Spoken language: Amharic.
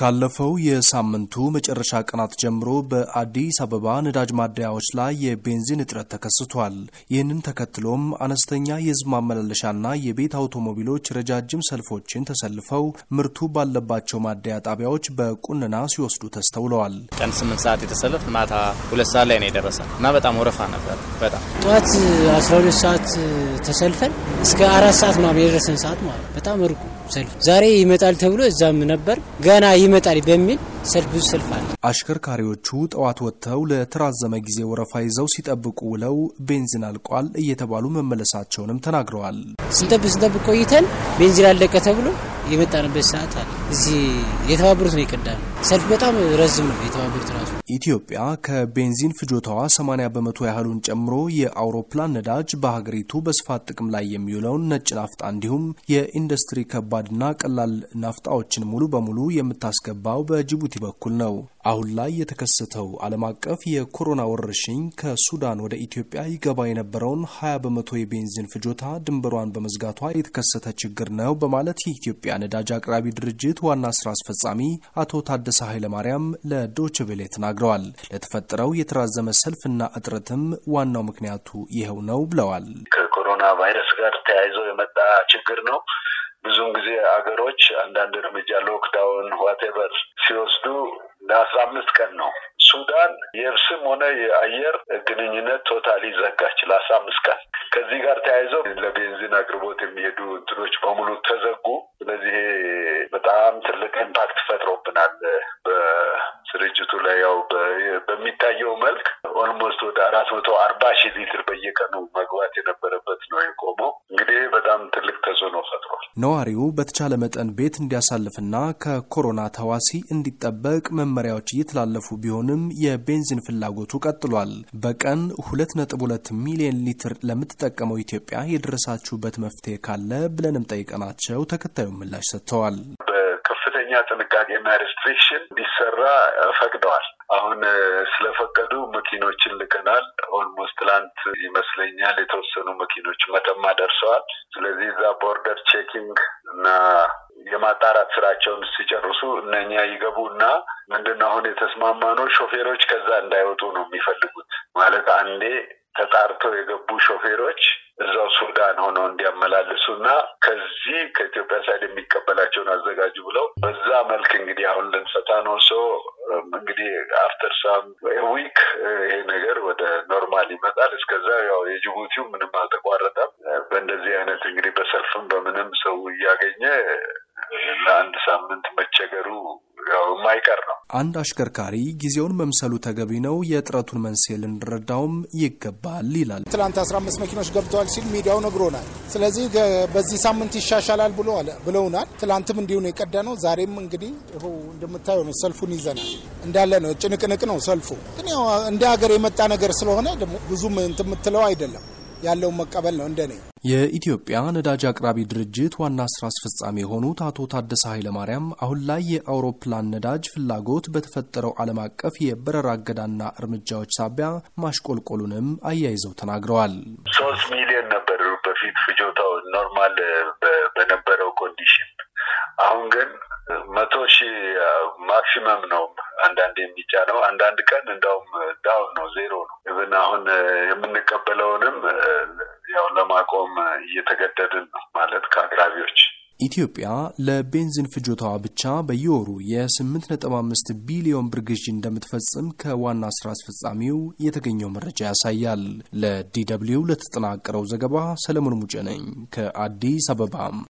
ካለፈው የሳምንቱ መጨረሻ ቀናት ጀምሮ በአዲስ አበባ ነዳጅ ማደያዎች ላይ የቤንዚን እጥረት ተከስቷል። ይህንን ተከትሎም አነስተኛ የሕዝብ ማመላለሻና የቤት አውቶሞቢሎች ረጃጅም ሰልፎችን ተሰልፈው ምርቱ ባለባቸው ማደያ ጣቢያዎች በቁንና ሲወስዱ ተስተውለዋል። ቀን ስምንት ሰዓት የተሰለፍ ማታ ሁለት ሰዓት ላይ ነው የደረሰ እና በጣም ወረፋ ነበር። በጣም ጠዋት አስራ ሁለት ሰዓት ተሰልፈን እስከ አራት ሰዓት ነው የደረሰን ሰዓት ማለት በጣም ርቁ ሰልፍ ዛሬ ይመጣል ተብሎ እዛም ነበር ገና ይመጣል በሚል ሰልፍ ብዙ ሰልፍ አለ። አሽከርካሪዎቹ ጠዋት ወጥተው ለተራዘመ ጊዜ ወረፋ ይዘው ሲጠብቁ ውለው ቤንዚን አልቋል እየተባሉ መመለሳቸውንም ተናግረዋል። ስንጠብቅ ስንጠብቅ ቆይተን ቤንዚን አለቀ ተብሎ የመጣንበት ሰዓት አለ። እዚህ የተባበሩት ነው የቀዳ ሰልፍ በጣም ረዝም ነው። የተባበሩት ራሱ ኢትዮጵያ ከቤንዚን ፍጆታዋ 80 በመቶ ያህሉን ጨምሮ የአውሮፕላን ነዳጅ፣ በሀገሪቱ በስፋት ጥቅም ላይ የሚውለውን ነጭ ናፍጣ እንዲሁም የኢንዱስትሪ ከባድና ቀላል ናፍጣዎችን ሙሉ በሙሉ የምታስገባው በጅቡቲ በኩል ነው። አሁን ላይ የተከሰተው ዓለም አቀፍ የኮሮና ወረርሽኝ ከሱዳን ወደ ኢትዮጵያ ይገባ የነበረውን 20 በመቶ የቤንዚን ፍጆታ ድንበሯን በመዝጋቷ የተከሰተ ችግር ነው በማለት የኢትዮጵያ ነዳጅ አቅራቢ ድርጅት ዋና ስራ አስፈጻሚ አቶ ታደሰ ኃይለማርያም ለዶይቼ ተናግረዋል። ለተፈጠረው የተራዘመ ሰልፍና እጥረትም ዋናው ምክንያቱ ይኸው ነው ብለዋል። ከኮሮና ቫይረስ ጋር ተያይዞ የመጣ ችግር ነው። ብዙውን ጊዜ አገሮች አንዳንድ እርምጃ ሎክዳውን ዋቴቨር አምስት ቀን ነው። ሱዳን የብስም ሆነ የአየር ግንኙነት ቶታሊ ዘጋች ለአስራ አምስት ቀን። ከዚህ ጋር ተያይዘው ለቤንዚን አቅርቦት የሚሄዱ እንትኖች በሙሉ ተዘጉ። ስለዚህ በጣም ትልቅ ኢምፓክት ፈጥሮብናል በስርጭቱ ላይ ያው በሚታየው መልክ አራት መቶ አርባ ሺህ ሊትር በየቀኑ መግባት የነበረበት ነው የቆመው። እንግዲህ በጣም ትልቅ ተጽዕኖ ፈጥሯል። ነዋሪው በተቻለ መጠን ቤት እንዲያሳልፍና ከኮሮና ተዋሲ እንዲጠበቅ መመሪያዎች እየተላለፉ ቢሆንም የቤንዚን ፍላጎቱ ቀጥሏል። በቀን ሁለት ነጥብ ሁለት ሚሊዮን ሊትር ለምትጠቀመው ኢትዮጵያ የደረሳችሁበት መፍትሄ ካለ ብለንም ጠይቀናቸው ተከታዩን ምላሽ ሰጥተዋል። ከፍተኛ ጥንቃቄና ሪስትሪክሽን እንዲሰራ ፈቅደዋል። አሁን ስለፈቀዱ መኪኖችን ልከናል። ኦልሞስት ትላንት ይመስለኛል የተወሰኑ መኪኖች መተማ ደርሰዋል። ስለዚህ እዛ ቦርደር ቼኪንግ እና የማጣራት ስራቸውን ሲጨርሱ እነኛ ይገቡ እና ምንድን ነው አሁን የተስማማ ነው፣ ሾፌሮች ከዛ እንዳይወጡ ነው የሚፈልጉት ማለት አንዴ ተጣርተው የገቡ ሾፌሮች እዛው ሱዳን ሆነው እንዲያመላልሱ እና ከዚህ ከኢትዮጵያ ሳይድ የሚቀበላቸውን አዘጋጁ ብለው በዛ መልክ እንግዲህ አሁን ልንፈታ ነው። ሶ እንግዲህ አፍተር ሳም ዊክ ይሄ ነገር ወደ ኖርማል ይመጣል። እስከዛ ያው የጅቡቲው ምንም አልተቋረጠም። በእንደዚህ አይነት እንግዲህ በሰልፍም በምንም ሰው እያገኘ ለአንድ ሳምንት መቸገሩ የማይቀር ነው። አንድ አሽከርካሪ ጊዜውን መምሰሉ ተገቢ ነው፣ የእጥረቱን መንስኤ ልንረዳውም ይገባል ይላል። ትላንት 15 መኪኖች ገብተዋል ሲል ሚዲያው ነግሮናል። ስለዚህ በዚህ ሳምንት ይሻሻላል ብለውናል። ትላንትም እንዲሁ ነው የቀዳ ነው። ዛሬም እንግዲህ ይኸው እንደምታየው ነው። ሰልፉን ይዘናል እንዳለ ነው። ጭንቅንቅ ነው ሰልፉ። ግን ያው እንደ ሀገር የመጣ ነገር ስለሆነ ደግሞ ብዙም እንትን የምትለው አይደለም። ያለውን መቀበል ነው እንደኔ። የኢትዮጵያ ነዳጅ አቅራቢ ድርጅት ዋና ስራ አስፈጻሚ የሆኑት አቶ ታደሰ ኃይለማርያም አሁን ላይ የአውሮፕላን ነዳጅ ፍላጎት በተፈጠረው ዓለም አቀፍ የበረራ እገዳና እርምጃዎች ሳቢያ ማሽቆልቆሉንም አያይዘው ተናግረዋል። ሶስት ሚሊዮን ነበር በፊት ፍጆታው ኖርማል በነበረው ኮንዲሽን፣ አሁን ግን መቶ ሺህ ማክሲመም ነው አንዳንድ የሚቻለው አንዳንድ ቀን እንዳውም ዳውን ነው፣ ዜሮ ነው። ብን አሁን የምንቀበለውንም ያው ለማቆም እየተገደድን ነው ማለት ከአቅራቢዎች ኢትዮጵያ ለቤንዚን ፍጆታዋ ብቻ በየወሩ የ8.5 ቢሊዮን ብር ግዢ እንደምትፈጽም ከዋና ስራ አስፈጻሚው የተገኘው መረጃ ያሳያል። ለዲ ደብልዩ ለተጠናቀረው ዘገባ ሰለሞን ሙጬ ነኝ ከአዲስ አበባ።